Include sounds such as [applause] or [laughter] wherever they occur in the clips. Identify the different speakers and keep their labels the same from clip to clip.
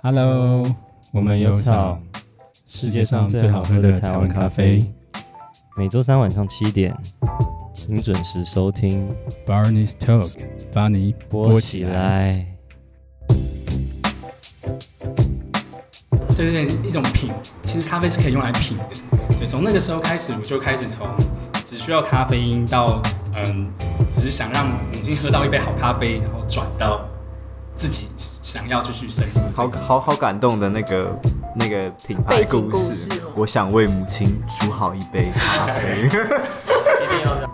Speaker 1: 哈嘍，Hello, 我們有草世界上最好喝的台灣咖啡，
Speaker 2: 每周三晚上七點，請準時收聽 Barney's Talk，把你播起來。Talk, Barney, 起來
Speaker 1: 對對對，一種品，其實咖啡是可以用來品的。對，從那個時候開始，我就開始從只需要咖啡因到嗯，只是想讓母親喝到一杯好咖啡，然後轉到自己。想
Speaker 3: 要繼續生好。好好好感動的那個那個品牌故事，故事哦、我想為母親煮好一杯咖啡。一定要的。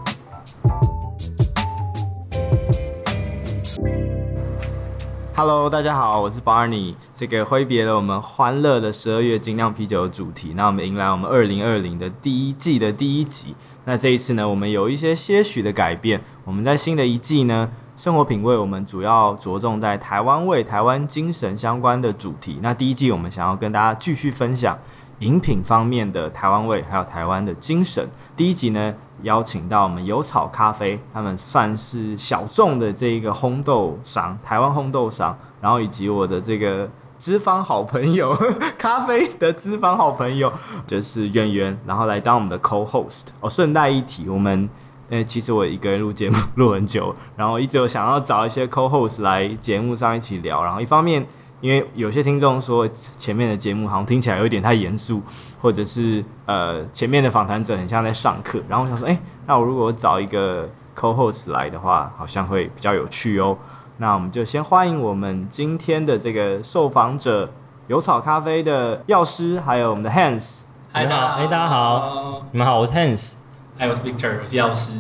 Speaker 3: Hello，大家好，我是 Barney。這個揮別了我們歡樂的十二月精釀啤酒的主題，那我們迎來我們二零二零的第一季的第一集。那這一次呢，我們有一些些許的改變。我們在新的一季呢。生活品味，我們主要着重在台灣味、台灣精神相關的主題。那第一季我們想要跟大家繼續分享飲品方面的台灣味，還有台灣的精神。第一集呢，邀請到我們有草咖啡，他們算是小眾的這一個烘豆商，台灣烘豆商。然後以及我的這個脂肪好朋友，呵呵咖啡的脂肪好朋友就是圓圓，然後來當我們的 co host。哦，順帶一提，我們。因為其實我一個人錄節目錄很久，然後一直有想要找一些 co-host 來節目上一起聊。然後一方面，因為有些聽眾說前面的節目好像聽起來有點太嚴肅，或者是呃前面的訪談者很像在上課。然後我想說，哎、欸，那我如果找一個 co-host 來的話，好像會比較有趣哦、喔。那我們就先歡迎我們今天的這個受訪者——有草咖啡的藥師，還有我們的 Hans。大
Speaker 2: 家好，哎大家好，
Speaker 3: 嗨你們好，我是 Hans。
Speaker 1: I was Victor，
Speaker 3: 我是藥師。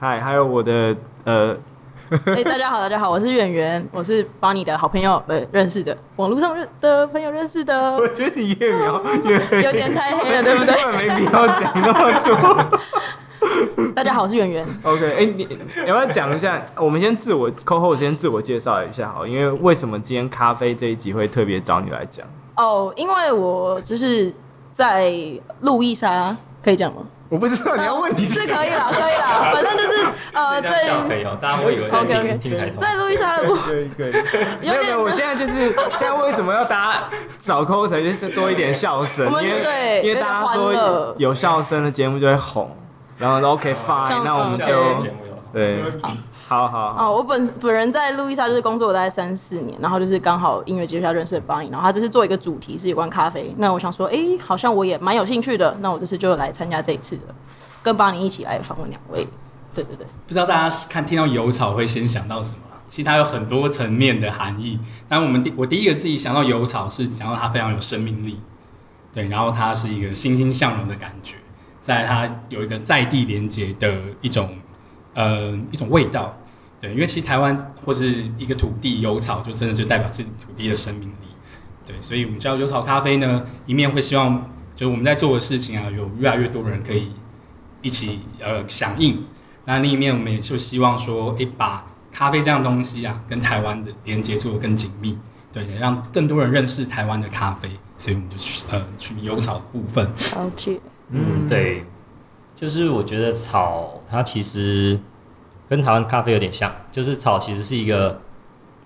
Speaker 3: Hi，還有我的呃，哎、欸，
Speaker 4: 大家好，大家好，我是元元，我是 Barney 的好朋友，呃、欸，認識的，網絡上認的朋友認識的。我覺得你越描越黑，哦、為有點太黑了，對不對？因為沒必要講那麼多。 [laughs] [laughs] 大家好，我是元元。
Speaker 3: OK，哎、欸，你你、欸、要不要講一下，我們先自我，扣扣先自我介紹一下好，因為為什麼今天咖啡這一集會特別找你來講？
Speaker 4: 哦，oh, 因為我就是在路易莎，可以講嗎？
Speaker 1: 我不知道你要問，你
Speaker 3: 是可以啦，可以啦，反正就是
Speaker 4: 呃，對，可以哦。大家會以為 OK 抬頭，再
Speaker 3: 錄一下。可以可以。沒有沒有，我現在就是現在為什麼要大家找空城，就是多一點笑聲，因為因為大家說有笑聲的節目就會紅，然後 OK fine，那我們就。對，嗯、好，好，好，
Speaker 4: 好，好。哦，我本本人在路易莎就是工作了大概三四年，然後就是剛好音樂節下認識了巴尼，然後他這次做一個主題是有關咖啡。那我想說，哎、欸，好像我也蠻有興趣的，那我這次就來參加這一次的，跟巴尼一起來訪問兩位。對，對，對，
Speaker 1: 對。不知道大家看聽到有草會先想到什麼？其實它有很多層面的含義。但我們第我第一個自己想到有草是想到它非常有生命力，對，然後它是一個欣欣向榮的感覺，在它有一個在地連接的一種。嗯、呃，一種味道，對，因為其實台灣或是一個土地有草，就真的就代表自己土地的生命力，對，所以我們叫有草咖啡呢，一面會希望就我們在做的事情啊，有越來越多人可以一起呃響應，那另一面我們也就希望說，一、欸、把咖啡這樣東西啊，跟台灣的連接做得更緊密，對，讓更多人認識台灣的咖啡，所以我們就去呃去有草的部分，嗯，
Speaker 3: 嗯對，
Speaker 2: 就是我覺得草它其實。跟台灣咖啡有點像，就是草其實是一個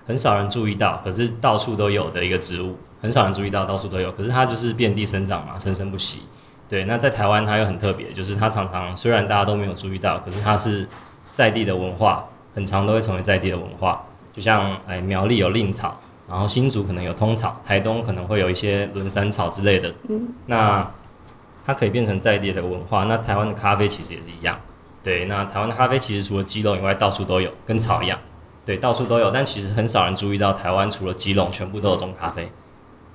Speaker 2: 很少人注意到，可是到處都有的一個植物，很少人注意到，到處都有，可是它就是遍地生長嘛，生生不息。對，那在台灣它又很特別，就是它常常雖然大家都沒有注意到，可是它是在地的文化，很常都會成為在地的文化。就像誒苗栗有藺草，然後新竹可能有通草，台東可能會有一些輪傘草之類的。嗯。那它可以變成在地的文化，那台灣的咖啡其實也是一樣。對，那台灣的咖啡其實除了基隆以外，到處都有，跟草一樣。對，到處都有，但其實很少人注意到，台灣除了基隆，全部都有種咖啡。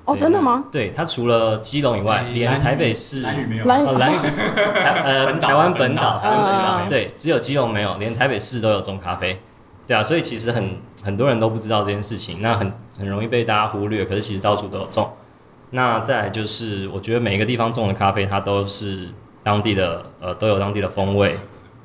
Speaker 4: 哦，真的嗎？
Speaker 2: 對，它除了基隆以外，連台北市、蘭嶼沒有，蘭嶼，台呃台灣本島、對，只有基隆沒有，連台北市都有種咖啡。對啊，所以其實很很多人都不知道這件事情，那很很容易被大家忽略。可是其實到處都有種。那再來就是，我覺得每一個地方種的咖啡，它都是當地的，呃，都有當地的風味。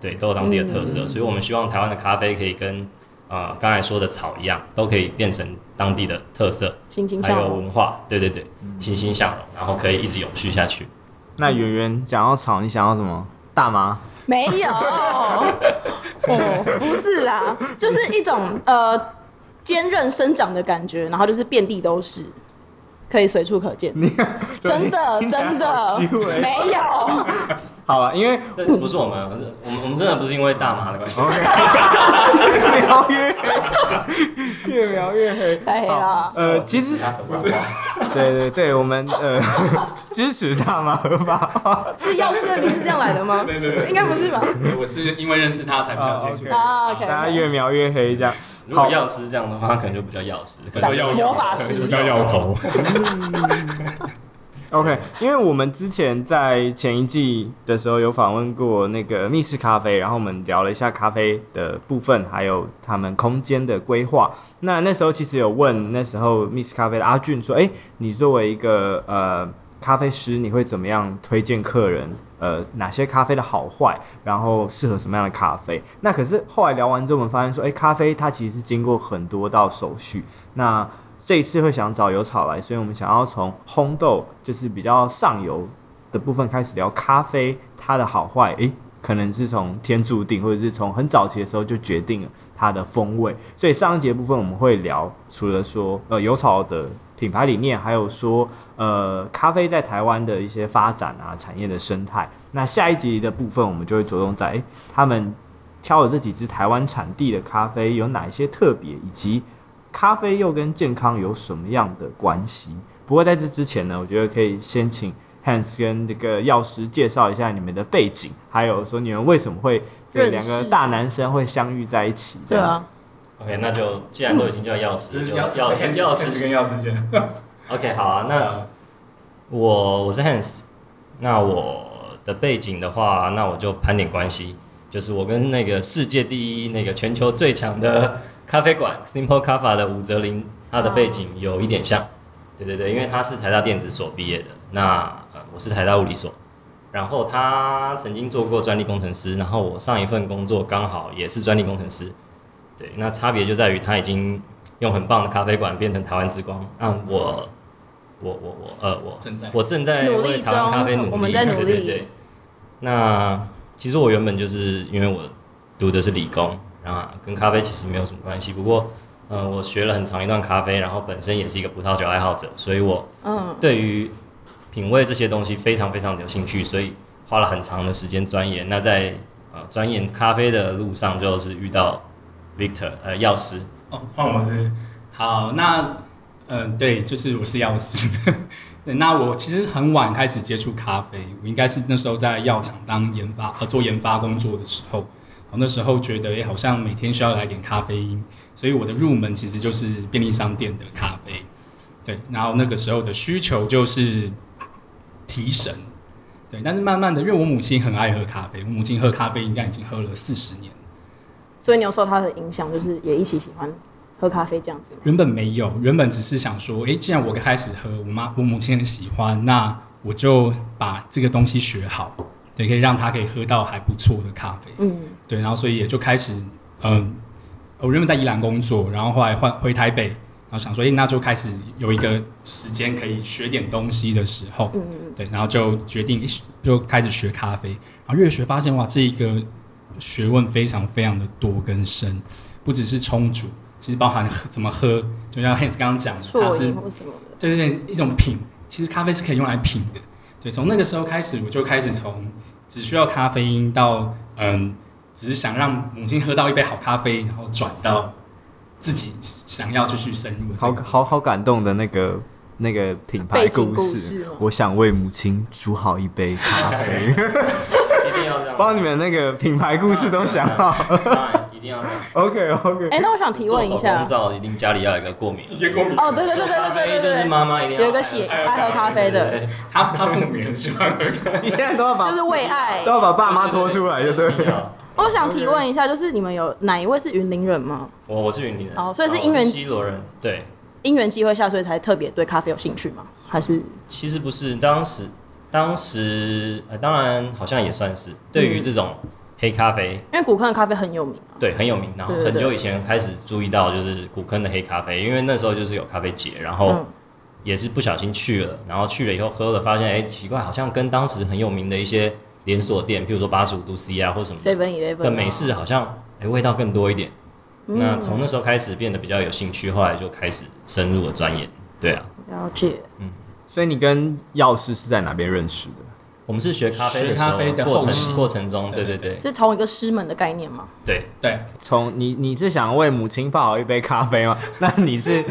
Speaker 2: 對，都是當地的特色，嗯、所以我們希望台灣的咖啡可以跟呃剛才說的草一樣，都可以變成當地的特色，欣欣向榮還有文化。對對對，欣欣向榮，嗯、然後可以一直永續下去。
Speaker 3: 那圓圓想要草，你想要什麼？大麻？
Speaker 4: 沒有，哦， [laughs] oh, 不是啦，就是一種呃堅韌生長的感覺，然後就是遍地都是。可以隨處可見，真的、欸、真的沒有。
Speaker 2: 好了、啊，因為、嗯、不是我,是我們，我們真的不是因為大媽的關係。 [laughs] [laughs] 越描越黑， [laughs] 越描越
Speaker 3: 黑，太黑了。好是呃，其實其對對對，我們呃支持他嘛，
Speaker 4: 是藥師的名字這樣來的嗎？應該不是吧？
Speaker 1: 我是因為認識他才比較正
Speaker 4: 確，大家越
Speaker 3: 描越黑這樣。如果藥
Speaker 2: 師這樣的話，他可能就不叫藥師，叫
Speaker 4: 魔法師，叫藥頭。
Speaker 3: OK，因為我們之前在前一季的時候有訪問過那個密室咖啡，然後我們聊了一下咖啡的部分，還有他們空間的規劃。那那時候其實有問那時候密室咖啡的阿俊說：“哎、欸，你作為一個呃咖啡師，你會怎麼樣推薦客人？呃，哪些咖啡的好壞，然後適合什麼樣的咖啡？”那可是後來聊完之後，我們發現說：“哎、欸，咖啡它其實是經過很多道手續。”那這一次會想找有草來，所以我們想要從烘豆就是比較上游的部分開始聊咖啡，它的好壞，誒，可能是從天注定，或者是從很早期的時候就決定了它的風味。所以上一節部分我們會聊，除了說呃有草的品牌理念，還有說呃咖啡在台灣的一些發展啊、產業的生態。那下一集的部分我們就會着重在誒，他們挑的這幾支台灣產地的咖啡有哪一些特別，以及。咖啡又跟健康有什麼樣的關係？不過在這之前呢，我覺得可以先請 h a n s 跟這個藥師介紹一下你們的背景，還有說你們為什麼會這兩個大男生會相遇在一起。
Speaker 2: 對啊。OK，那就既然都已經叫藥師，藥師藥師跟藥師見。 [laughs] OK，好啊。那我我是 h a n s，那我的背景的話，那我就盤點關係，就是我跟那個世界第一、那個全球最強的。 [laughs] 咖啡館 Simple Kaffa 的吳則霖，他的背景有一點像。啊、對對對，因為他是台大電子所畢業的。那呃，我是台大物理所，然後他曾經做過專利工程師，然後我上一份工作剛好也是專利工程師。對，那差別就在於他已經用很棒的咖啡館變成台灣之光，那我我我，我，呃，我正在我正在為台灣咖啡努力，對對對，那其實我原本就是因為我讀的是理工。啊，跟咖啡其實沒有什麼關係。不過，呃，我學了很長一段咖啡，然後本身也是一個葡萄酒愛好者，所以我嗯，對於品味這些東西非常非常有興趣，所以花了很長的時間鑽研。那在呃鑽研咖啡的路上，就是遇到 Victor，呃，藥師。哦，
Speaker 1: 換我了。好，那嗯、呃，對，就是我是藥師。 [laughs] 對，那我其實很晚開始接觸咖啡，我應該是那時候在藥廠當研發，呃，做研發工作的時候。我那時候覺得，誒、欸，好像每天需要來點咖啡因，所以我的入門其實就是便利商店的咖啡，對。然後那個時候的需求就是提神，對。但是慢慢的，因為我母親很愛喝咖啡，我母親喝咖啡應該已經喝了四十年，
Speaker 4: 所以你有受她的影響，就是也一起喜歡喝咖啡這樣子。
Speaker 1: 原本沒有，原本只是想說，哎、欸，既然我開始喝，我媽我母親很喜歡，那我就把這個東西學好。也可以讓他可以喝到還不錯的咖啡，嗯，對，然後所以也就開始，嗯，我原本在宜蘭工作，然後後來換回台北，然後想說，哎、欸，那就開始有一個時間可以學點東西的時候，嗯嗯，對，然後就決定一就開始學咖啡，然後越學發現哇，這一個學問非常非常的多跟深，不只是沖煮，其實包含怎麼喝，就像 Hans 剛剛講，錯什麼的，它是什的對對對，一種品，其實咖啡是可以用來品的，對，從那個時候開始，我就開始從只需要咖啡因到嗯，只是想讓母親喝到一杯好咖啡，然後轉到自己想要就去深入好。
Speaker 3: 好好好，感動的那個那個品牌故事，啊背景故事喔、我想為母親煮好一杯咖啡。一定要這樣，幫你們那
Speaker 2: 個品牌故事都想好。啊嗯嗯嗯 [laughs]
Speaker 3: 一定要 OK OK
Speaker 2: 哎，那我
Speaker 4: 想提問一下，做
Speaker 2: 早一定家裡要有一個過敏，哦，對對對對對對對對，就是媽媽一定要有一個喜
Speaker 4: 愛喝咖啡的，
Speaker 2: 他他父母很喜歡喝咖啡，現在
Speaker 4: 都要把就是為愛都
Speaker 3: 要把爸媽拖出來
Speaker 2: 就對
Speaker 4: 了。我想提問一下，就是你們有哪一位是雲林人嗎？
Speaker 2: 我我是雲林人，哦，所以是因緣西螺人，對，
Speaker 4: 因緣際會下，所以才特別對咖啡有興趣嗎？還是
Speaker 2: 其實不是，當時當時當然好像也算是對於這種。黑咖啡，因
Speaker 4: 為古坑的咖啡很有名，
Speaker 2: 啊、對，很有名。然後很久以前開始注意到，就是古坑的黑咖啡，因為那時候就是有咖啡節，然後也是不小心去了，然後去了以後喝了，發現哎、欸、奇怪，好像跟當時很有名的一些連鎖店，譬如說八十五度 C 啊，或者什
Speaker 4: 麼的，7-11的美式
Speaker 2: 好像哎、欸、味道更多一點。
Speaker 4: 那從那
Speaker 2: 時候開始變得比較有興趣，後來就開始深入的鑽研。對啊，了解。嗯，
Speaker 3: 所以你跟藥師是在哪邊認識的？我們是學咖啡的，學咖啡的過程
Speaker 2: 過程中，對對
Speaker 3: 對，
Speaker 4: 是同一個師門的概念嗎？
Speaker 1: 對
Speaker 3: 對，從你你是想為母親泡好一杯咖
Speaker 2: 啡嗎？那你是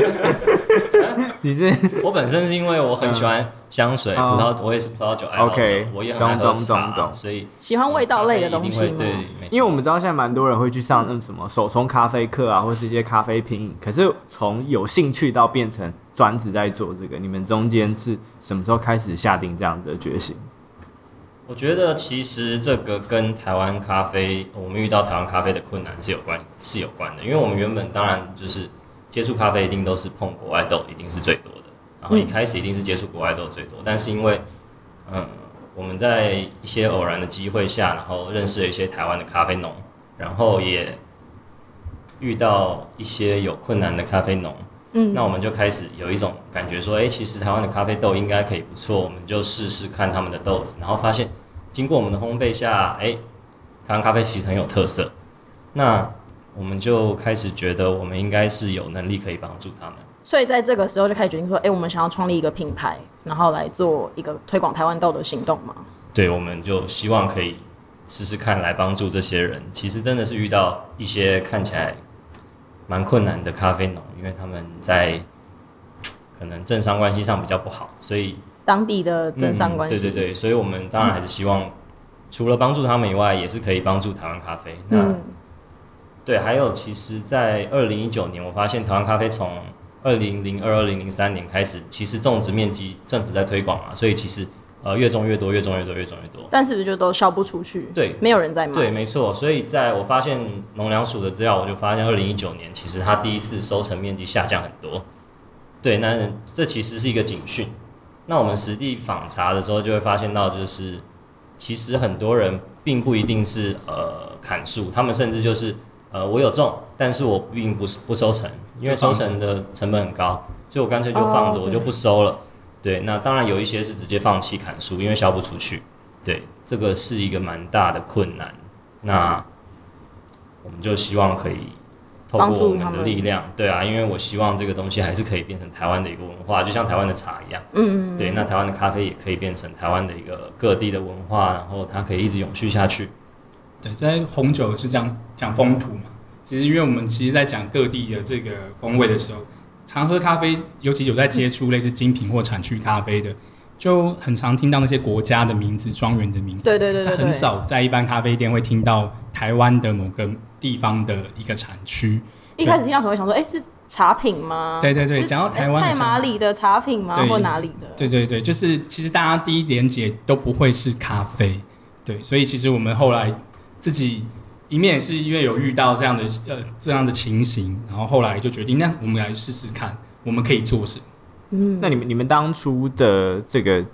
Speaker 2: 你是，我本身是因為我很喜歡香水、葡萄，我也是葡萄酒愛好者，我也很愛喝茶，懂，所以
Speaker 4: 喜歡味道類的東西對，
Speaker 3: 因為我們知道現在蠻多人會去上那什麼手沖咖啡課啊，或是一些咖啡品飲，可是從有興趣到變成專職在做這個，你們中間是什麼時候開始下定這樣子的決心？
Speaker 2: 我覺得其實這個跟台灣咖啡，我們遇到台灣咖啡的困難是有關，是有關的。因為我們原本當然就是接觸咖啡一定都是碰國外豆，一定是最多的。然後一開始一定是接觸國外豆最多，但是因為嗯，我們在一些偶然的機會下，然後認識了一些台灣的咖啡農，然後也遇到一些有困難的咖啡農。嗯，那我們就開始有一種感覺說，誒，其實台灣的咖啡豆應該可以不錯，我們就試試看他們的豆子，然後發現。經過我們的烘焙下，哎，台灣咖啡其實很有特色。那我們就開始覺得，我們應該是有能力可以幫助他們。
Speaker 4: 所以在這個時候就開始決定說，哎，我們想要創立一個品牌，然後來做一個推廣台灣豆的行動嘛。
Speaker 2: 對，我們就希望可以試試看，來幫助這些人。其實真的是遇到一些看起來蠻困難的咖啡農，因為他們在可能政商關係上比較不好，所以。
Speaker 4: 當地的政商關係，嗯，對對對，
Speaker 2: 所以我們當然還是希望，嗯、除了幫助他們以外，也是可以幫助台灣咖啡。那、嗯、對，還有其實，在二零一九年，我發現台灣咖啡從二零零二、二零零三年開始，其實種植面積政府在推廣嘛，所以其實呃越種越多，越種越多，越種越多。
Speaker 4: 但是不是就都銷不出去？對，沒有人在買。對，
Speaker 2: 沒錯。所以在我發現農糧署的資料，我就發現二零一九年其實它第一次收成面積下降很多。對，那這其實是一個警訊。那我們實地訪查的時候，就會發現到，就是其實很多人並不一定是呃砍樹，他們甚至就是呃我有種，但是我並不是不收成，因為收成的成本很高，所以我乾脆就放着，我就不收了。Oh, right. 對，那當然有一些是直接放棄砍樹，因為銷不出去。對，這個是一個蠻大的困難。那我們就希望可以。幫助我們的力量，對啊，因為我希望這個東西還是可以變成台灣的一個文化，就像台灣的茶一樣。嗯嗯，嗯對，那台灣的咖啡也可以變成台灣的一個各地的文化，然後它可以一直永續下去。
Speaker 1: 對，在紅酒是講講風土嘛，其實因為我們其實在講各地的這個風味的時候，常喝咖啡，尤其有在接觸類似精品或產區咖啡的，就很常聽到那些國家的名字、莊園的名
Speaker 4: 字。對對對，對對對。很少
Speaker 1: 在一般咖啡店會聽到台灣的某個。地方的一個產區，
Speaker 4: 一開始聽到可能會想說，哎、欸，是茶品嗎？對對對，講是到台灣太麻里的茶品嗎？對或哪裡的？
Speaker 1: 對對對，就是其實大家第一聯結都不會是咖啡，對，所以其實我們後來自己一面也是因為有遇到這樣的呃這樣的情形，然後後來就決定，那我們來試試看，我們可以做什麼？嗯，那你們你們當初的這
Speaker 3: 個。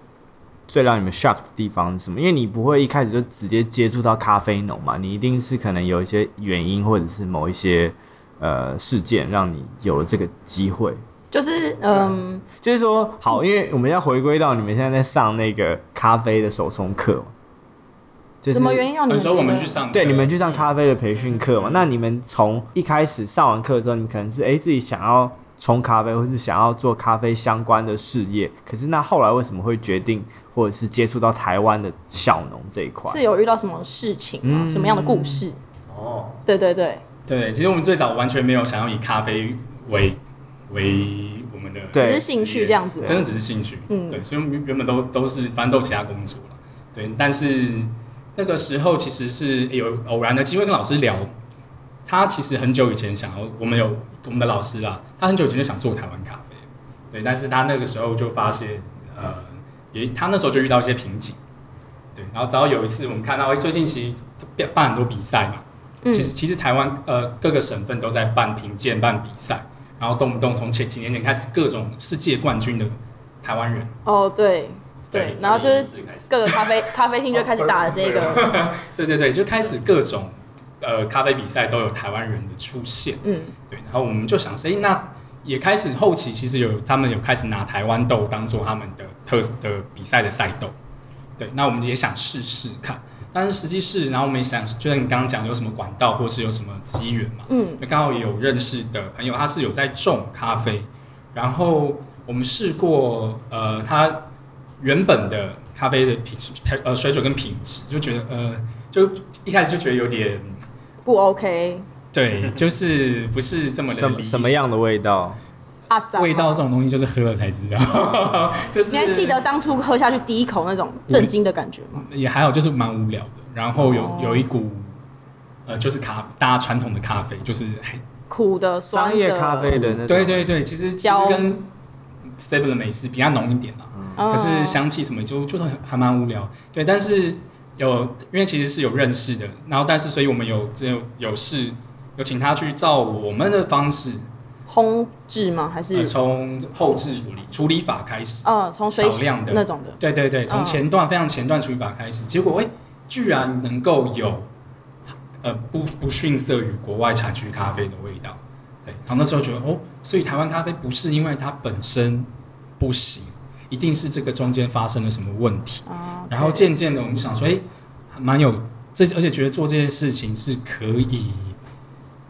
Speaker 3: 最讓你們 shock 的地方是什麼？因為你不會一開始就直接接觸到咖啡農嘛，你一定是可能有一些原因或者是某一些呃事件，讓你有了這個機會。
Speaker 4: 就是嗯，就是說
Speaker 3: 好，因為我們要回歸到你們現在在上那個咖啡的手沖課，就
Speaker 4: 是、什麼原因讓你們？你們去
Speaker 3: 上，對，你們去上咖啡的培訓課嘛。嗯、那你們從一開始上完課之後，你們可能是哎、欸、自己想要。沖咖啡，或是想要做咖啡相關的事業，可是那後來為什麼會決定，或者是接觸到台灣的小農這一塊？是
Speaker 4: 有遇到什麼事情嗎？嗯、什麼樣的故事？嗯、哦，對對對。
Speaker 1: 對，其實我們最早完全沒有想要以咖啡為為我們的，只是興趣這樣子，真的只是興趣。嗯，對，所以原本都都是翻斗其他工作了。對，但是那個時候其實是、欸、有偶然的機會跟老師聊。他其實很久以前想要，我們有我們的老師啊，他很久以前就想做台灣咖啡，對，但是他那個時候就發現，呃，也他那時候就遇到一些瓶頸，對，然後直到有一次我們看到，哎、欸，最近其實辦很多比賽嘛、嗯，其，其實其實台灣呃各個省份都在辦評鑑辦比賽，然後動不動從前幾年就開始各種世界冠軍的台灣人，哦對
Speaker 4: 對，然後就是各個咖啡 [laughs] 咖啡廳就開始打了這
Speaker 1: 個， [laughs] 對對對，就開始各種。呃，咖啡比賽都有台灣人的出現，嗯，對，然後我們就想說，哎、欸，那也開始後期其實有他們有開始拿台灣豆當做他們的特的比賽的賽豆，對，那我們也想試試看，但是實際是，然後我們也想，就像你剛剛講的，有什麼管道，或是有什麼機緣嘛，嗯，剛好有認識的朋友，他是有在種咖啡，然後我們試過，呃，他原本的咖啡的品質，呃，水準跟品質就覺得，呃，就一開始就覺得有點。不 OK，對，就是不是這麼的。什什麼樣的味道？
Speaker 4: 啊、味
Speaker 1: 道這種東西就是喝了才知道。你
Speaker 4: 還、啊就是、記得當初喝下去第一口那種震驚的感覺
Speaker 1: 嗎？也還好，就是蠻無聊的。然後有、哦、有一股，呃、就是咖大家傳統的咖啡，就是
Speaker 4: 苦的、商業咖
Speaker 1: 啡的那。對對
Speaker 4: 對，其實其實跟
Speaker 1: Seven 的美式比較濃一點了，嗯、可是香氣什麼就就還還蠻無聊。對，但是。有，因為其實是有認識的，然後但是，所以我們有這有事，有請他去照我們的方式
Speaker 4: 烘製嗎？還是、呃、
Speaker 1: 從後製處理、哦、處理法開始？啊、呃，從水少量的那種的，對對對，從前段、哦、非常前段處理法開始，結果哎，居然能夠有，呃，不不遜色於國外產區咖啡的味道，對，然後那時候覺得哦，所以台灣咖啡不是因為它本身不行。一定是這個中間發生了什麼問題，啊 okay、然後漸漸的我們想說，哎、欸，蠻有這，而且覺得做這件事情是可以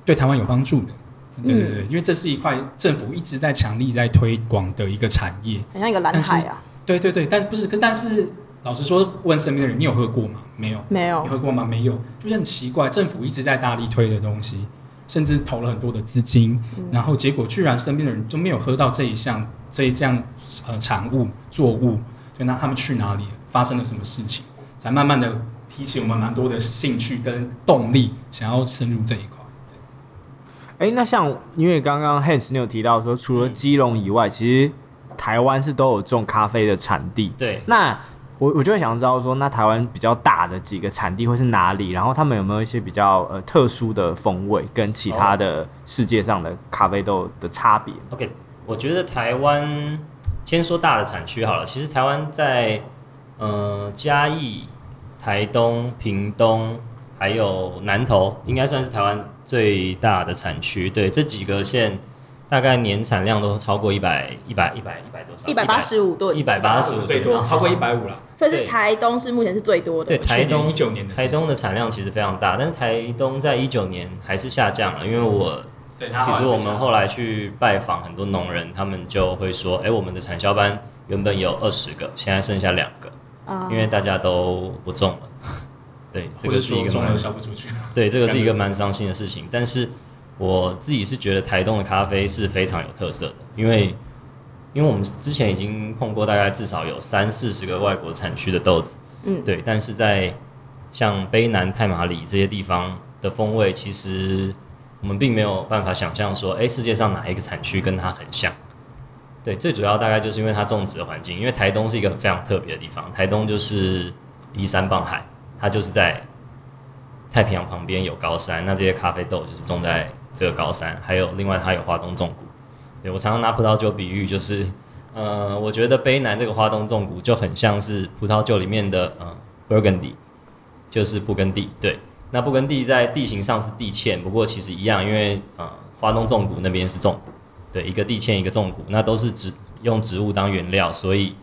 Speaker 1: 對台灣有幫助的，嗯、對對對，因為這是一塊政府一直在強力在推廣的一個產業，
Speaker 4: 很像一個藍
Speaker 1: 海啊，對對對，但是不是？可但是老實說，問身邊的人，你有喝過嗎？沒有，沒有，你喝過嗎？沒有，就是很奇怪，政府一直在大力推的東西。甚至投了很多的資金，嗯、然後結果居然身邊的人都沒有喝到這一項、這一項呃產物作物，就那他們去哪裡了？發生了什麼事情，才慢慢的提起我們蠻多的興趣跟動力，想要深入這一塊。
Speaker 3: 哎，那像因為剛剛 Hans 你有提到說，除了基隆以外，其實臺灣是都有種咖啡的產地。對，那。我我就會想知道說，那台灣比較大的幾個產地會是哪裡？然後他們有沒有一些比較呃特殊的風味，跟其他的世界上的咖啡豆的
Speaker 2: 差別？OK，我覺得台灣先說大的產區好了。其實台灣在呃嘉義、台東、屏東，還有南投，應該算是台灣最大的產區。對，這幾個縣。大概年產量都超過一百一百一百一百多
Speaker 4: 少？一百八十五對，一百八十五最多
Speaker 2: 超過一百五了。
Speaker 4: 所以是台東是目前是最多的。對，台東一九
Speaker 2: 年台東的產量其實非常大，但是台東在一九年還是下降了，因為我對其實我們後來去拜訪很多農人，他們就會說：“哎，我們的產銷班原本有二十個，現在剩下兩個，啊、因為大家都不種了。”對，這個是一個種都銷對，這個是一個蠻傷心的事情，但是。我自己是覺得台東的咖啡是非常有特色的，因為因為我們之前已經碰過大概至少有三四十個外國產區的豆子，嗯，對，但是在像卑南、太麻里這些地方的風味，其實我們並沒有辦法想象說，哎、欸，世界上哪一個產區跟它很像，對，最主要大概就是因為它種植的環境，因為台東是一個非常特別的地方，台東就是依山傍海，它就是在太平洋旁邊有高山，那這些咖啡豆就是種在。這個高山，還有另外它有花東縱谷，對我常常拿葡萄酒比喻，就是，呃，我覺得卑南這個花東縱谷就很像是葡萄酒裡面的呃，Burgundy，就是布根地，對，那布根地在地形上是地塹，不過其實一樣，因為呃，花東縱谷那邊是縱谷，對，一個地塹一個縱谷，那都是植用植物當原料，所以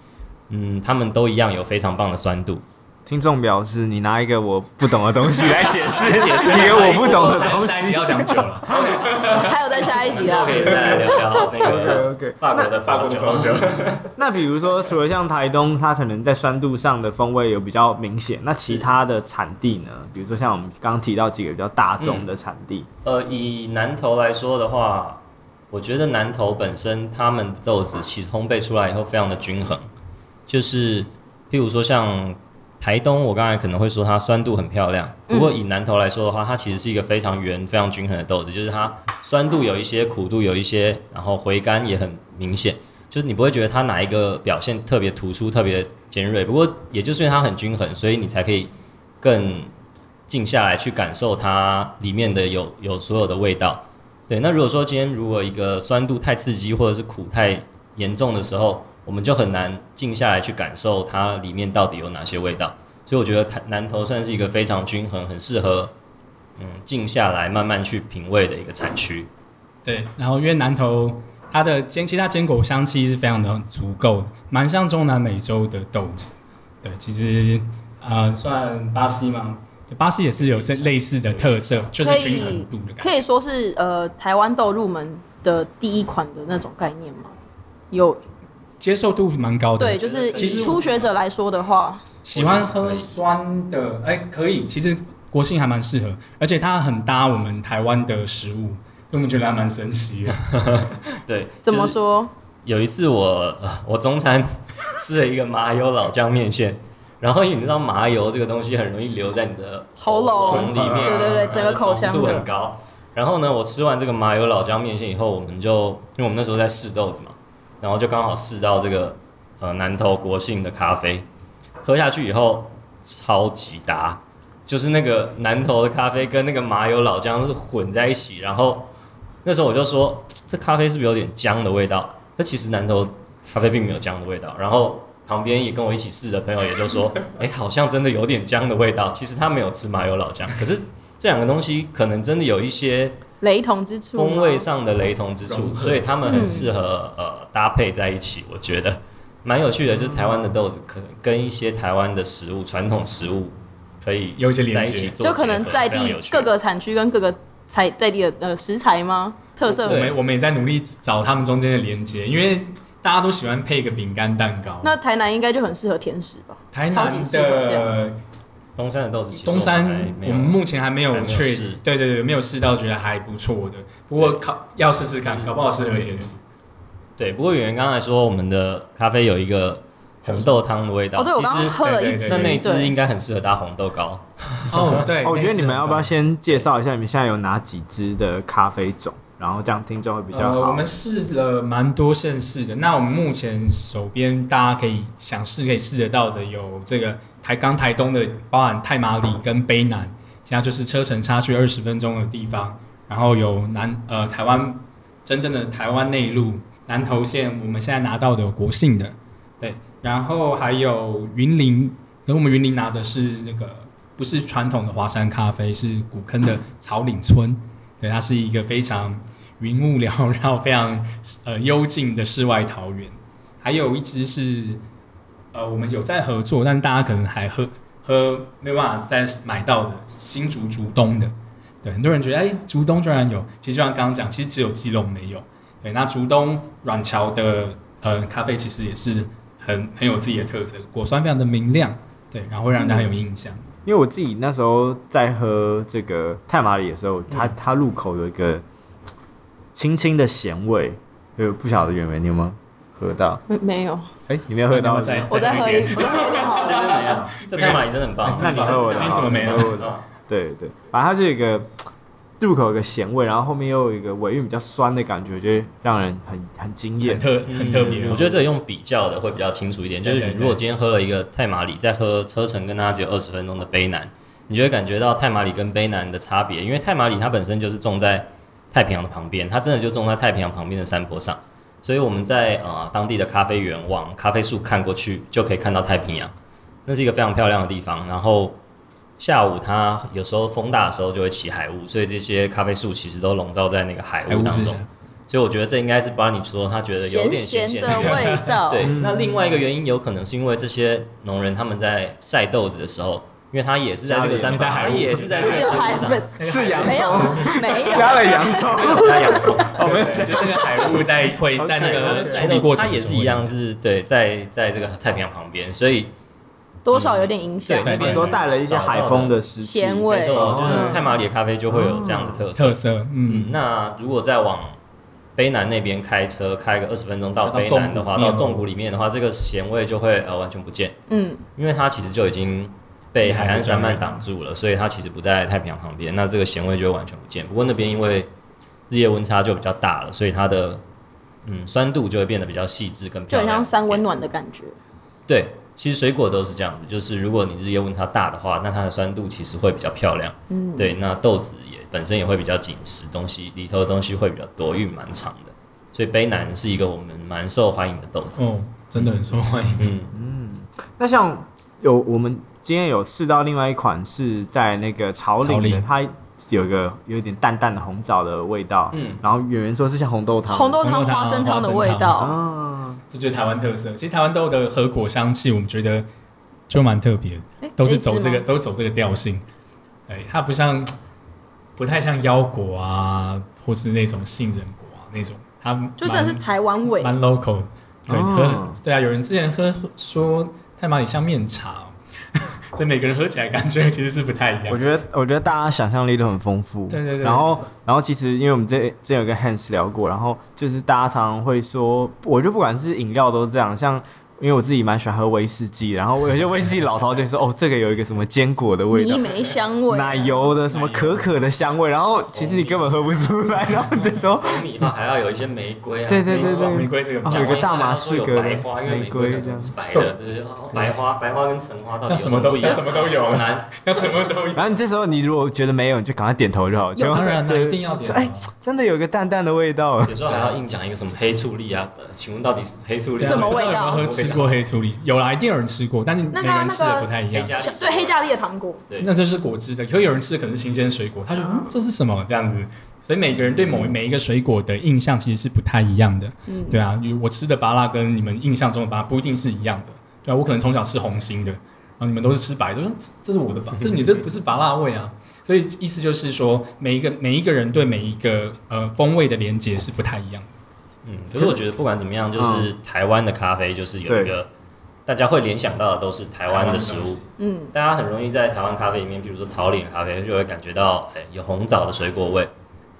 Speaker 2: 嗯，他們都一樣有非常棒的酸度。聽眾表示：“你拿一個我不懂的
Speaker 3: 東西來解
Speaker 4: 釋，解釋一個我不懂的東西。下一集要講究了，還有在下一集啊，聊那個，OK，發過的發過球，
Speaker 3: 那比如說除了像台東，它可能在酸度上的風味有比較明顯，那其他的產地呢？比如說像我們剛剛
Speaker 2: 提到幾個比較大眾的產地，呃，以南投來說的話，我覺得南投本身他們的豆子其實烘焙出來以後非常的均衡，就是譬如說像。”台東，我剛才可能會說它酸度很漂亮。不過以南投來說的話，它其實是一個非常圓、非常均衡的豆子，就是它酸度有一些，苦度有一些，然後回甘也很明顯，就是你不會覺得它哪一個表現特別突出、特別尖銳。不過也就是因為它很均衡，所以你才可以更靜下來去感受它裡面的有有所有的味道。對，那如果說今天如果一個酸度太刺激，或者是苦太嚴重的時候，我們就很難靜下來去感受它裡面到底有哪些味道，所以我覺得南頭算是一個非常均衡、很適合嗯靜下來慢慢去品味的一個產區。
Speaker 1: 對，然後因為南頭它的兼其他堅果香氣是非常的足夠的，蠻像中南美洲的豆子。對，其實呃算巴西嗎？巴西也是有這類似的特色，就是均衡度的感覺。可以，
Speaker 4: 可以說是呃台灣豆入門的第一款的那種概念嗎？
Speaker 1: 有。接受度蠻高的，對，就是以初學
Speaker 4: 者來說的話，喜歡喝酸的，
Speaker 1: 哎、欸，可以，其實國性還蠻適合，而且它很搭我們台灣的食物，所以我們覺得還蠻神奇的。嗯、
Speaker 2: [laughs] 對，怎麼說？有一次我我中餐吃了一個麻油老薑面線， [laughs] 然後你知道麻油這個東西很容易留在你的喉嚨、冷裡面、啊、嗯、對對對，
Speaker 4: 整個口腔度很高。
Speaker 2: 然後呢，我吃完這個麻油老薑面線以後，我們就因為我們那時候在試豆子嘛。然後就剛好試到這個呃南投國姓的咖啡，喝下去以後超級搭，就是那個南投的咖啡跟那個麻油老薑是混在一起。然後那時候我就說，這咖啡是不是有點薑的味道？但其實南投咖啡並沒有薑的味道。然後旁邊也跟我一起試的朋友也就說，哎， [laughs] 好像真的有點薑的味道。其實他沒有吃麻油老薑，可是這兩個東西可能真的有一些。
Speaker 4: 雷同之處，風味
Speaker 2: 上的雷同之處，所以他們很適合、嗯、呃搭配在一起。我覺得蠻有趣的，就是台灣的豆子可能跟一些台灣的食物、傳統食物可以一有一些連接，就可能在地
Speaker 4: 各個產區跟各個在地的呃食材嗎？特色對。我們
Speaker 2: 我們也在努力
Speaker 1: 找他們中間的連接，因為大家都喜歡配一個餅乾蛋糕。
Speaker 4: 那台南應該就很適合甜食吧？台南的。超級適合這
Speaker 1: 樣東山的豆子其實東山，我們目前還沒有去。對對對，沒有試到覺得還不錯的，不過考要試試看，搞不好適合甜食。
Speaker 2: 對，不過媛媛剛才說，我們的咖啡有一個紅豆湯的味道。哦，對，其實喝了一次那支應該很適合搭紅豆糕。哦，對。我覺得你們要不要
Speaker 3: 先介紹一下你們現在有哪幾支的咖啡種，然後這樣聽眾會比較好。我
Speaker 1: 們試了蠻多縣市的，那我們目前手邊大家可以想試可以試得到的有這個。台港台東的，包含太麻里跟卑南，現在就是車程差距二十分鐘的地方。然後有南呃台灣真正的台灣內陸南投縣，我們現在拿到的有國姓的，對，然後還有雲林，那我們雲林拿的是那、這個不是傳統的華山咖啡，是古坑的草嶺村，對，它是一個非常雲霧繚繞、非常呃幽靜的世外桃源。還有一只是。呃，我們有在合作，但大家可能還喝喝沒辦法再買到的新竹竹東的，對，很多人覺得哎、欸、竹東居然有，其實就像剛剛講，其實只有基隆沒有，對，那竹東軟橋的呃咖啡其實也是很很有自己的特色，果酸非常的明亮，對，然後讓人家很有印象、嗯。
Speaker 3: 因為我自己那時候在喝這個太麻里的時候，它它、嗯、入口有一個輕輕的鹹味，有不曉得原因嗎？喝到沒？沒有。哎、欸，你沒有喝到，我再我再，再喝一次。杯。
Speaker 2: 這邊 [laughs] 沒有，這太麻里真的很棒。那你，你喝我今天怎麼沒有？
Speaker 3: 對對，反正它是一個入口一個鹹味，然後後面又有一個尾韻比較酸的感覺，就覺讓
Speaker 2: 人很很驚豔，特很特別。我覺得這用比較的會比較清楚一點，就是你如果今天喝了一個太麻里，再喝車程，跟它只有二十分鐘的卑南，你就會感覺到太麻里跟卑南的差別，因為太麻里它本身就是種在太平洋的旁邊，它真的就種在太平洋旁邊的山坡上。所以我們在呃當地的咖啡園，往咖啡樹看過去，就可以看到太平洋。那是一個非常漂亮的地方。然後下午它有時候風大的時候就會起海霧，所以這些咖啡樹其實都籠罩在那個海霧當中。所以我覺得這應該是巴尼說他覺得有點鹹鹹的，鹹鹹的味道。 [laughs] 對，那另外一個原因有可能是因為這些農人他們在曬豆子的時候。因為它也是在這個山邊海，也是在這個海上，
Speaker 4: 是洋蔥，沒有，沒有加了洋蔥，加洋
Speaker 2: 蔥。我們就那個海霧在會，在那個處理過程，它也是一樣，是對，在在這個太平洋旁邊，所以
Speaker 4: 多少有點影響，比如說帶了一些海風的鮮味，沒錯，就是太
Speaker 2: 麻里的咖啡就會有這樣的特特
Speaker 1: 色。嗯，
Speaker 2: 那如果再往卑南那邊開車，開個二十分鐘到卑南的話，到縱谷裡面的話，這個鹹味就會呃完全不見。嗯，因為它其實就已經。被海岸山脈擋住了，所以它其實不在太平洋旁邊。那這個鹹味就會完全不見。不過那邊因為日夜溫差就比較大了，所以它的嗯酸度就會變得比較細緻，更就很像
Speaker 4: 三溫暖的感覺。
Speaker 2: 對，其實水果都是這樣子，就是如果你日夜溫差大的話，那它的酸度其實會比較漂亮。嗯，對。那豆子也本身也會比較緊實，東西裡頭的東西會比較多，韻蠻長的。所以卑南是一個我們蠻受歡迎的豆子。哦，
Speaker 1: 真的很受歡迎。嗯，嗯，
Speaker 3: 那像有我們。今天有試到另外一款是在那個草嶺的，嶺它有一個有一點淡淡的紅棗的味道，嗯，然後有人說是像紅豆湯、紅豆湯、花生湯的味道，嗯、
Speaker 1: 啊，啊、這就是台灣特色。其實台灣豆的核果香氣，我們覺得就蠻特別，誒都是走這個，這都走這個調性，哎，它不像，不太像腰果啊，或是那種杏仁果、啊、那種，它就算是台灣味，蠻 local，對，哦對，對啊，有人之前喝說太麻里像麵茶。所以每個人喝起來感覺其實是不太一樣。我覺得，我覺得大家想象
Speaker 3: 力都很豐富。對對對，對。然後，然後其實因為我們這這有跟 Hans 聊過，然後就是大家常常會說，我就不管是飲料都是這樣，像。因為我自己蠻喜歡喝威士忌，然後有些威士忌老饕就說，哦，這個有一個什麼堅果的味道，
Speaker 4: 莓香味，奶
Speaker 3: 油的什麼可可的香味，然後其實你根本喝不出來，然後這時候，米它還要有一
Speaker 2: 些玫瑰啊，對對對對，玫瑰這個講，有個大馬士革玫瑰，這樣是白的，就是白花，白花跟橙花到底，什麼都有，樣，什麼都有，什
Speaker 3: 麼都，然後你這時候你如果覺得沒有，你就趕快點頭就好，要不然那一定要點，哎，真的有個淡淡的味道，有時候還要硬講一個什
Speaker 2: 麼黑醋栗啊，請問到底是黑醋栗什麼味道？吃過
Speaker 1: 黑醋栗，有啦，一定有人吃過，但是每個人吃的不太一樣。那個那個、黑，
Speaker 4: 對，黑加利的糖果，對那這
Speaker 1: 是果汁的，可有人吃的可能是新鮮水果，他就、嗯、這是什麼這樣子，所以每個人對某、嗯、每一個水果的印象其實是不太一樣的。嗯，對啊，我吃的巴拉跟你們印象中的巴拉不一定是一樣的。對啊，我可能從小吃紅心的，然後你們都是吃白的，這是我的吧？ [laughs] 這你這不是拔拉味啊。所以意思就是說，每一個每一個人對每一個呃風味的連接是不太一樣的。嗯，可是我覺得不
Speaker 2: 管怎麼樣，就是台灣的咖啡就是有一個，大家會聯想到的都是台灣的食物。嗯，大家很容易在台灣咖啡裡面，比如說草嶺咖啡，就會感覺到，哎、欸，有紅棗的水果味，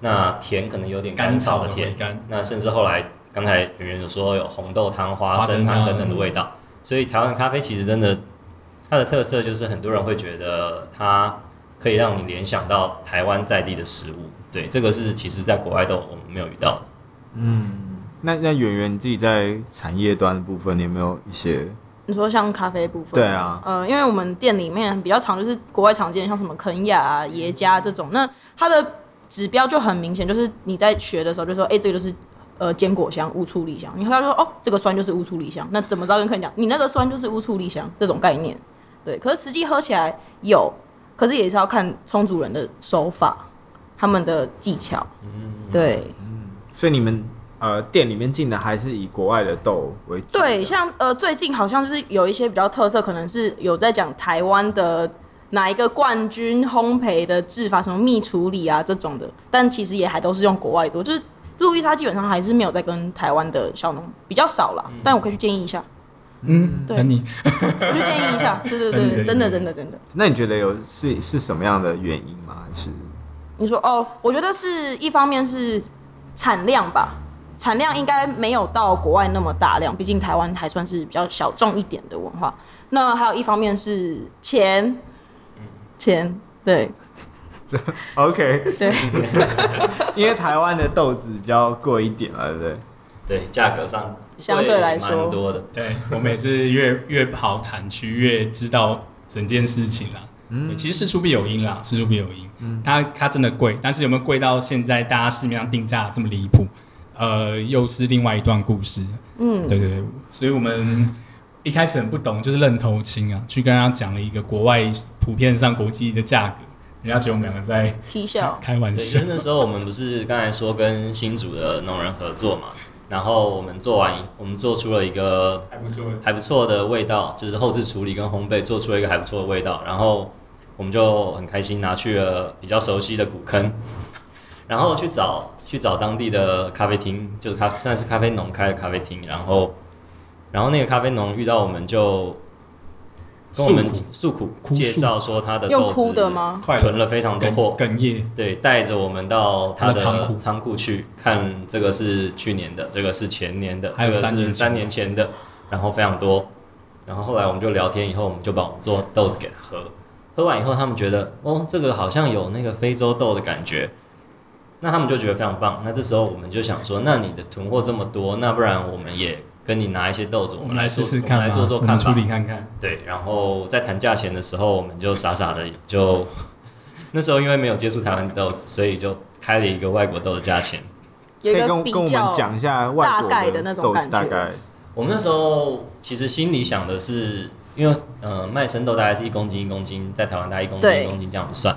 Speaker 2: 那甜可能有點甘草的甜，那甚至後來剛才有人有說有紅豆湯、花生湯等等的味道。所以台灣咖啡其實真的，它的特色就是很多人會覺得它可以讓你聯想到台灣在地的食物。對，這個是其實，在國外都我們沒有遇到。嗯。
Speaker 3: 那那圓圓，你自己在產業端的部分，你有沒有一些？
Speaker 4: 你說像咖啡部分？對啊，呃，因為我們店裡面比較常就是國外常見，像什麼肯亞啊、耶加這種，那它的指標就很明顯，就是你在學的時候就說，哎、欸，這個就是呃堅果香、烏處理香。你喝就說哦，這個酸就是無處理香，那怎麼着跟客人講？你那個酸就是無處理香這種概念，對。可是實際喝起來有，可是也是要看沖煮人的手法，他們的技巧。嗯，對。
Speaker 3: 嗯，所以你們。呃，店裡面進的還是以國外的豆為主。
Speaker 4: 對，像呃，最近好像就是有一些比較特色，可能是有在講台灣的哪一個冠軍烘焙的製法，什麼蜜處理啊這種的。但其實也還都是用國外豆，就是路易莎基本上還是沒有在跟台灣的小農比較少了。嗯、但我可以去建議一下，嗯，
Speaker 1: 對等你，
Speaker 4: [laughs] 我就建議一下，對對對， [laughs] 真的真的真的
Speaker 3: 真的。那你覺得有是是什麼樣的原因嗎？還是
Speaker 4: 你說哦，我覺得是一方面是產量吧。產量應該沒有到國外那麼大量，畢竟台灣還算是比較小眾一點的文化。那還有一方面是錢，嗯、錢對
Speaker 3: ，OK 對，因為台灣的豆子比較貴一點了，對
Speaker 2: 對，價格上相對來說蠻多的。
Speaker 1: 對，我也是越越跑產區越知道整件事情了。嗯，其實事出必有因啦，事出必有因。嗯，它它真的貴，但是有沒有貴到現在大家市面上定價這麼離譜？呃，又是另外一段故事。嗯，對對對，所以我們一開始很不懂，就是愣頭青啊，去跟他講了一個國外普遍上國際的價格，人家覺得我們兩個在開玩笑。笑，就是、
Speaker 2: 那時候我們不是剛才說跟新竹的那種人合作嘛，然後我們做完，我們做出了一個還不錯、還不錯的味道，就是後製處理跟烘焙做出了一個還不錯的味道，然後我們就很開心拿去了比較熟悉的古坑，然後去找。去找當地的咖啡廳，就是咖算是咖啡農開的咖啡廳，然後，然後那個咖啡農遇到我們就，跟我們訴苦，哭訴，介紹說他的豆子，用哭的嗎？囤了非常多貨，哽咽，對，帶着我們到他的倉庫倉庫去看，這個是去年的，這個是前年的，還有三年三年前的，然後非常多，然後後來我們就聊天，以後我們就把我們做豆子給他喝，喝完以後他們覺得，哦，這個好像有那個非洲豆的感覺。那他們就覺得非常棒。那這時候我們就想說，那你的囤貨這麼多，那不然我們也跟你拿一些豆子，我們來試試看，來做做看吧，處理看看。對。然後在談價錢的時候，我們就傻傻的就，那時候因為沒有接觸台灣豆子，所以就開了一個外國豆的價錢。
Speaker 3: 可以跟跟我們講
Speaker 2: 一下外國豆的那種感覺。大概。我們那時候其實心裡想的是，因為呃賣生豆大概是一公斤一公斤，在台灣大概一公斤一公、公斤這樣子算。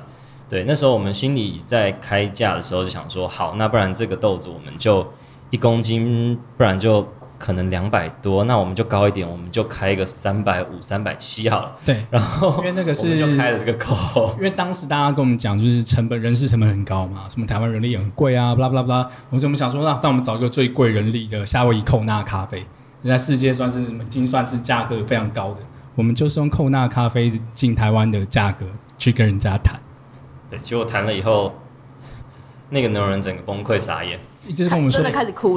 Speaker 2: 對，那時候我們心裡在開價的時候就想說，好，那不然這個豆子我們就一公斤，不然就可能兩百多，那我們就高一點，我們就開個三百五、三百七好了。
Speaker 1: 對，然後因為那個是就開了這個口，因為當時大家跟我們講，就是成本，人事成本很高嘛，什麼台灣人力也很貴啊，巴拉巴拉巴拉，同時我們想說，那那我們找一個最貴人力的夏威夷寇納咖啡，人家世界算是什麼，算是價格非常高的，我們就是用寇納咖啡進台灣的價格去跟人家談。
Speaker 2: 對，結果我談了以後，那個男人整個崩潰傻眼，
Speaker 1: 一直跟我們說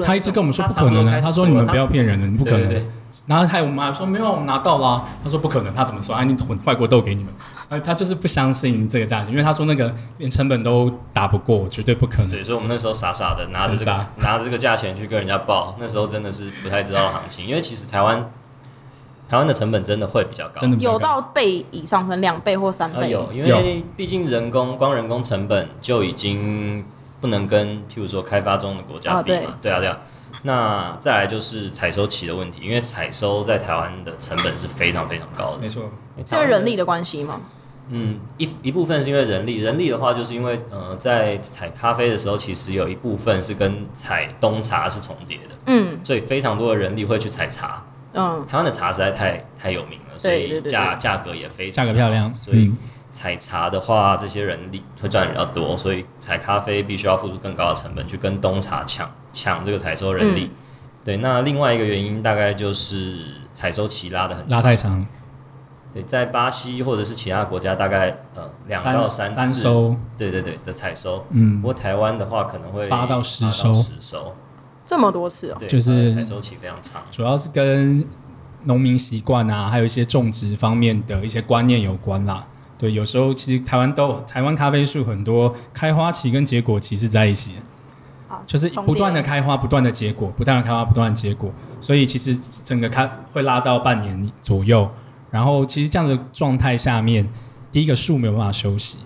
Speaker 1: 他一直跟我們說不可能，傻傻他說你們不要騙人了，你不可能。對對
Speaker 2: 對，然後還有我們還說沒有，我們拿到了、啊，他說不可
Speaker 1: 能，他怎麼說？哎、啊，你混外國豆給你們，哎，他就是不相信這個價錢，因為他說那個連成本都打不過，絕對不可能。對，
Speaker 2: 所以我們那時候傻傻的拿着拿着這個價傻錢去跟人家報，那時候真的是不太知道行情， [laughs] 因為其實台灣。台灣的成本真的會比較高，較高有到
Speaker 4: 倍以上分，分兩倍或三倍，呃、有，因為
Speaker 2: 畢竟人工光人工成本就已經不能跟，譬如說開發中的國家比嘛，啊對，對啊，對啊。那再來就是採收期的問題，因為採收在台灣的成本是非常非常高的，沒
Speaker 4: 錯，沒錯，因為人，人力的關係嗎？嗯，
Speaker 2: 一一部分是因為人力，人力的話就是因為，呃，在採咖啡的時候，其實有一部分是跟採冬茶是重疊的，嗯，所以非常多的人力會去採茶。嗯，台灣的茶實在太太有名了，所以價價格也非常價格漂亮。嗯、所以採茶的話，這些人力會賺比較多，所以採咖啡必須要付出更高的成本去跟冬茶搶搶這個採收人力。嗯、對，那另外一個原因大概就是採收期拉得很拉太長。對，在巴西或者是其他國家，大概呃兩到三次收，對對對的採收。嗯，不過台灣的話可能會八到十收十收。
Speaker 4: 這麼多次哦，就是採收期非常
Speaker 2: 長，
Speaker 1: 主要是跟農民習慣啊，還有一些種植方面的一些觀念有關啦。對，有時候其實台灣都，台灣咖啡樹很多，開花期跟結果期是在一起，好就是不斷的點的開花，不斷的結果，不斷的開花，不斷的結果，所以其實整個開會拉到半年左右。然後其實這樣的狀態下面，第一個樹沒有辦法休息，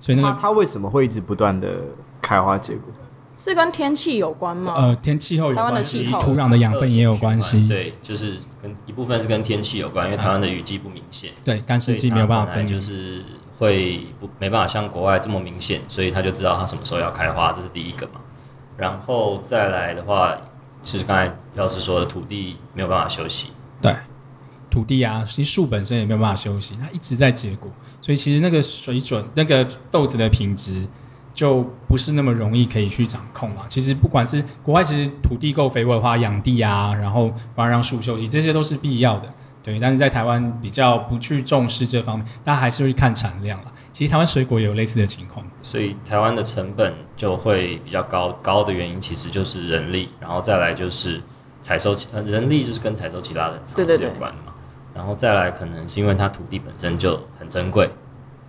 Speaker 1: 所以那個
Speaker 3: 它為什麼會一直不斷的開花結果？
Speaker 4: 是跟天氣有關嗎？呃，天
Speaker 2: 氣候有關係，台灣土壤的養分也有關係。對，就是跟一部分是跟天氣有關，嗯、因為台灣的雨季不明顯，對，乾濕季沒有辦法分，就是會不沒辦法像國外這麼明顯，所以他就知道他什麼時候要開花，這是第一個嘛。然後再來的話，其實剛才老師說的土地沒有辦法休息，
Speaker 1: 對，土地啊，其實樹本身也沒有辦法休息，它一直在結果，所以其實那個水準，那個豆子的品質。就不是那麼容易可以去掌控了。其實不管是國外，其實土地夠肥沃的話，養地啊，然後不然讓樹休息，這些都是必要的。對，但是在台灣比較不去重視這方面，大家還是會看產量。其實台灣水果也有類似的情況，
Speaker 2: 所以台灣的成本就會比較高。高的原因其實就是人力，然後再來就是採收，呃，人力就是跟採收其他的長勢有關嘛。對對對。然後再來可能是因為它土地本身就很珍貴，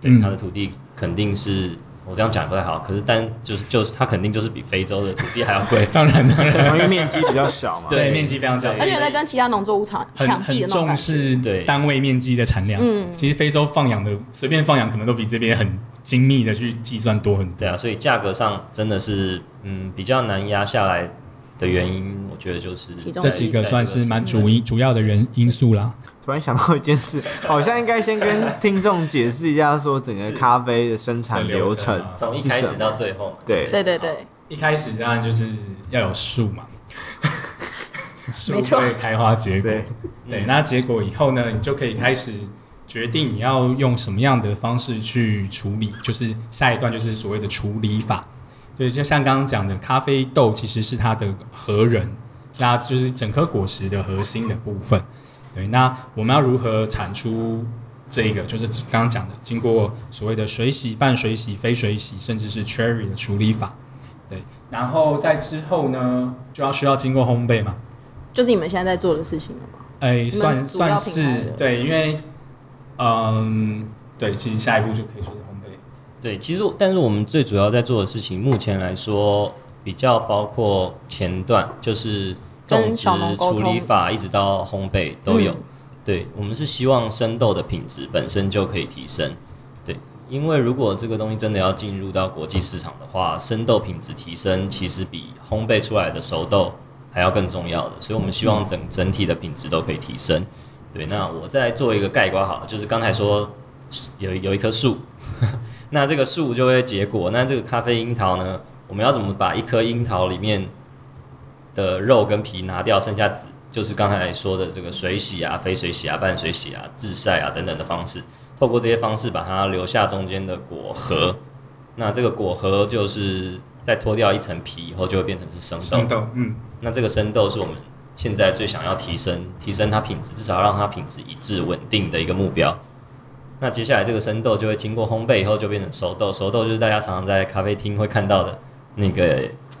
Speaker 2: 對，它的土地肯定是。我這樣講不太好，可是但就是就是，它肯定就是比非洲的土地還要貴。當然，當然，因為面積比較小嘛。對，對面積非常小，而且在
Speaker 4: 跟其他農作物搶搶地的。重
Speaker 2: 視對單位面積的產
Speaker 1: 量。
Speaker 4: 對嗯，
Speaker 2: 其實非洲放養的隨便放養，可能都比這邊很精密的去計算多很多。對啊，所以價格上真的是嗯比較難壓下來的原因，我覺得就是這幾個算是
Speaker 1: 蠻主因對主要的原因素啦。
Speaker 3: 突然想到一件事，好、哦、像
Speaker 4: 應該先跟
Speaker 3: 聽眾解釋一下，說整個咖啡的生產流程，從、啊、一開始到最後。
Speaker 2: 對，對
Speaker 4: 對對，
Speaker 1: 一開始當然就是要有樹嘛，樹可以 [laughs] 開花結果。錯對，對、嗯、那結果以後呢，你就可以開始決定你要用什麼樣的方式去處理，就是下一段就是所謂的處理法。對，就像剛剛講的，咖啡豆其實是它的核仁，那就是整顆果實的核心的部分。嗯對，那我們要如何產出這個？就是剛剛講的，經過所謂的水洗、半水洗、非水洗，甚至是 cherry 的處理法。對，然後在之後呢，就要需要經過烘焙嘛。
Speaker 4: 就是你們現在在做的事情了嗎？哎、欸，算算是
Speaker 1: 對，因為，嗯，對，其實下一步就可以說是烘焙。
Speaker 2: 對，其實但是我們最主要在做的事情，目前來說比較包括前段就是。種植、處理法一直到烘焙都有，嗯、對，我們是希望生豆的品質本身就可以提升，對，因為如果這個東西真的要進入到國際市場的話，生豆品質提升其實比烘焙出來的熟豆還要更重要的，所以我們希望整，嗯，整體的品質都可以提升。對，那我再做一個概括好了，就是剛才說有有一棵樹， [laughs] 那這個樹就會結果，那這個咖啡櫻桃呢，我們要怎麼把一顆櫻桃裡面的肉跟皮拿掉，剩下籽，就是剛才說的這個水洗啊、非水洗啊、半水洗啊、日曬啊等等的方式，透過這些方式把它留下中間的果核，那這個果核就是再脫掉一層皮以後，就會變成是生豆。生豆，嗯。那這個生豆是我們現在最想要提升、提升它品質，至少讓它品質一致穩定的一個目標。那接下來這個生豆就會經過烘焙以後，就變成熟豆。熟豆就是大家常常在咖啡廳會看到的那個。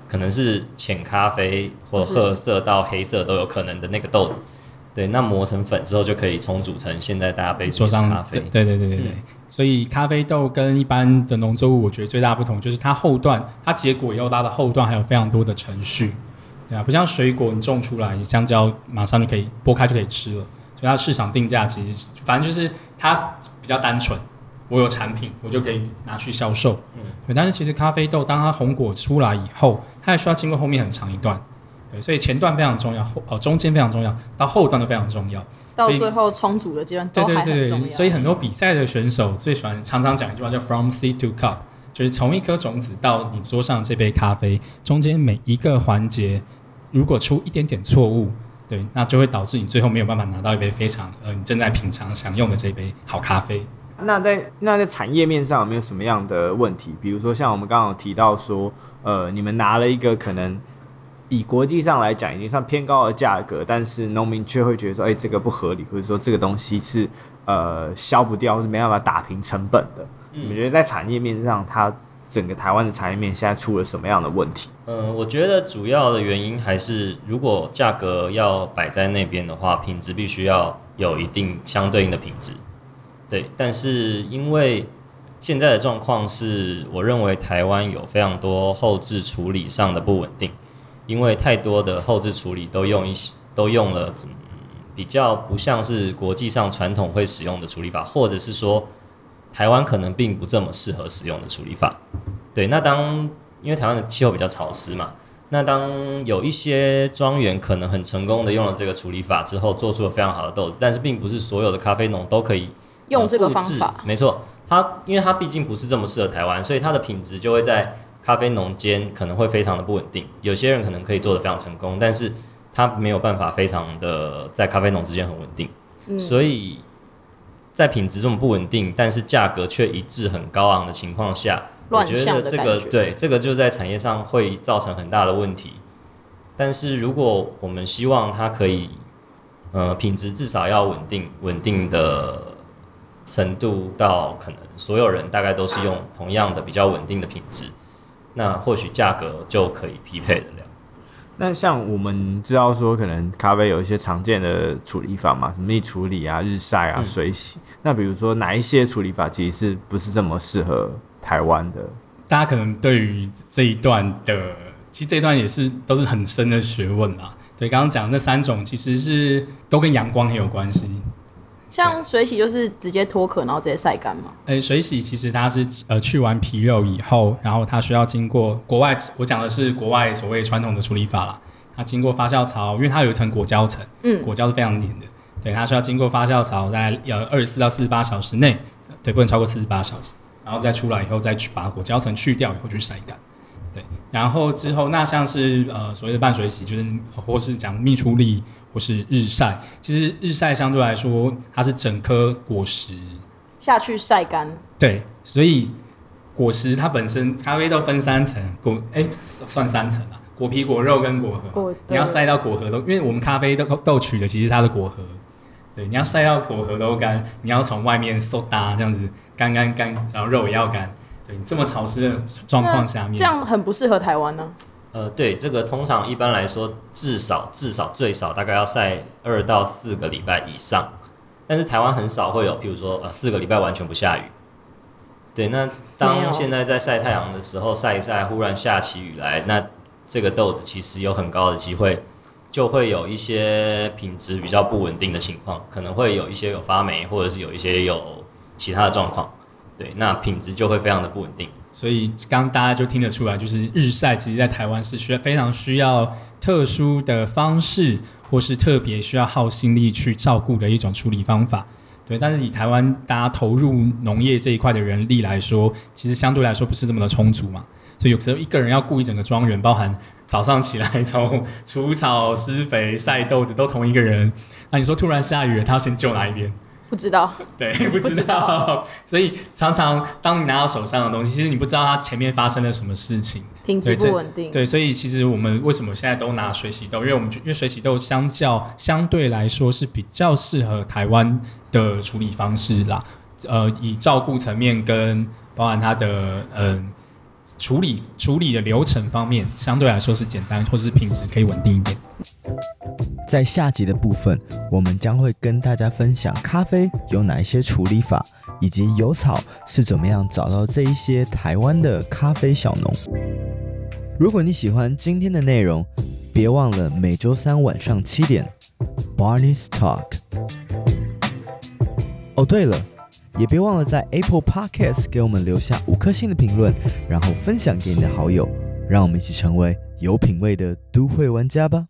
Speaker 2: 可能是淺咖啡或褐色到黑色都有可能的那個豆子。是對，那磨成粉之後就可以沖煮成現在大家杯桌上的咖啡。對對
Speaker 1: 對對對，對對對對嗯、所以咖啡豆跟一般的農作物，我覺得最大不同就是它後段，它結果要拉的後段還有非常多的程序，對啊，不像水果你種出來，香蕉馬上就可以剝開就可以吃了，所以它市場定價其實反正就是它比較單純。我有產品，我就可以拿去銷售。嗯。對，但是其實咖啡豆當它紅果出來以後，它還需要經過後面很長一段。所以前段非常重要，哦，中間非常重要，到後段都非常重要。到最
Speaker 4: 後沖煮的階段都還很重要。對對對，
Speaker 1: 所以很多比賽的選手最喜歡常常講一句話叫 “from seed to cup”，就是從一顆種子到你桌上這杯咖啡，中間每一個環節如果出一點點錯誤，對，那就會導致你最後沒有辦法拿到一杯非常呃你正在品嘗享用的這杯好咖啡。
Speaker 3: 那在那在產業面上有沒有什麼樣的問題？比如說像我們剛剛有提到說，呃，你們拿了一個可能以國際上來講已經算偏高的價格，但是農民卻會覺得說，哎、欸，這個不合理，或者說這個東西是呃消不掉，或是沒辦法打平成本的。嗯、你們覺得在產業面上，它整個台灣的產業面現在出了什麼樣的問題？嗯，
Speaker 2: 我覺得主要的原因還是，如果價格要擺在那邊的話，品質必須要有一定相對應的品質。對，但是因為現在的狀況是，我認為台灣有非常多後製處理上的不穩定，因為太多的後製處理都用一些都用了，嗯，比較不像是國際上傳統會使用的處理法，或者是說台灣可能並不這麼適合使用的處理法。對，那當因為台灣的氣候比較潮濕嘛，那當有一些莊園可能很成功的用了這個處理法之後，做出了非常好的豆子，但是並不是所有的咖啡農都可以。
Speaker 4: 嗯、用這個方
Speaker 2: 法，沒錯，它，因為它畢竟不是這麼適合台灣，所以它的品質就會在咖啡農間可能會非常的不穩定。有些人可能可以做得非常成功，但是它沒有辦法非常的在咖啡農之間很穩定。嗯、所以在品質這麼不穩定，但是價格卻一致很高昂的情況下，亂覺我覺得這個對這個就在產業上會造成很大的問題。但是如果我們希望它可以，呃，品質至少要穩定，穩定的。嗯程度，到可能所有人大概都是用同樣的比較穩定的品質，那或許價格就可以匹配得
Speaker 3: 了。那像我們知道說，可能咖啡有一些常見的處理法嘛，什麼蜜處理啊、日曬啊、嗯、水洗。那比如說，哪一些處理法其實是不是這麼適合台灣的？
Speaker 1: 大家可能對於這一段的，其實這一段也是都是很深的學問啊。對，剛剛講的那三種其實是都跟陽光很有關係。
Speaker 4: 像水洗就是直接脫殼，然後直接曬乾嗎？
Speaker 1: 誒，水洗其實它是呃去完皮肉以後，然後它需要經過國外，我講的是國外所謂傳統的處理法啦。它經過發酵槽，因為它有一層果膠層，嗯，果膠是非常黏的，嗯、對，它需要經過發酵槽，在呃二十四到四十八小時內，對，不能超過四十八小時，然後再出來以後，再去把果膠層去掉以後去曬乾。然後之後，那像是呃所謂的半水洗，就是、呃、或是講蜜處理，或是日曬。其實日曬相對來說，它是整顆果實
Speaker 4: 下去曬乾。
Speaker 1: 對，所以果實它本身，咖啡豆分三層果，哎算三層吧，果皮、果肉跟果核。果你要曬到果核都，因為我們咖啡豆豆取的其實它的果核。對，你要曬到果核都乾，你要從外
Speaker 2: 面收搭這樣子，乾乾乾，然後肉也要乾。對，這麼潮濕的狀況下面，這樣
Speaker 4: 很不適合台灣呢、啊？
Speaker 2: 呃，對，這個通常一般來說至少至少最少大概要曬二到四個禮拜以上，但是台灣很少會有，譬如說呃四個禮拜完全不下雨。對，那當現在在曬太陽的時候曬有一曬，忽然下起雨來，那這個豆子其實有很高的機會就會有一些品質比較不穩定的情況，可能會有一些有發霉，或者是有一些有其他的狀況。對，那品質就會非常的不穩定。
Speaker 1: 所以剛大家就聽得出來，就是日曬，其實在台灣是需要非常需要特殊的方式，或是特別需要耗心力去照顧的一種處理方法。對，但是以台灣大家投入農業這一塊的人力來說，其實相對來說不是這麼的充足嘛。所以有時候一個人要顧一整個莊園，包含早上起來從除草、施肥、曬豆子都同一個人。那你說突然下雨了，他要先救哪一邊？
Speaker 4: 不知道，對，不知道，知道。
Speaker 1: 所以常常當你拿到手上的東西，其實你不知道它前面發生了什麼事情。
Speaker 4: 品質不穩定對。
Speaker 1: 對，所以其實我們為什麼現在都拿水洗豆？因為我們因為水洗豆相較相對來說是比較適合台灣的處理方式啦，呃，以照顧層面跟包含它的嗯。呃處理處理的流程方面，相對來說是簡單，或者是品質可以穩定一點。
Speaker 3: 在下集的部分，我們將會跟大家分享咖啡有哪一些處理法，以及有草是怎麼樣找到這一些台灣的咖啡小農。如果你喜歡今天的內容，別忘了每週三晚上七點，Barney's Talk。哦，對了。也別忘了在 Apple Podcast 給我們留下五顆星的評論，然後分享給你的好友，讓我們一起成為有品味的都會玩家吧。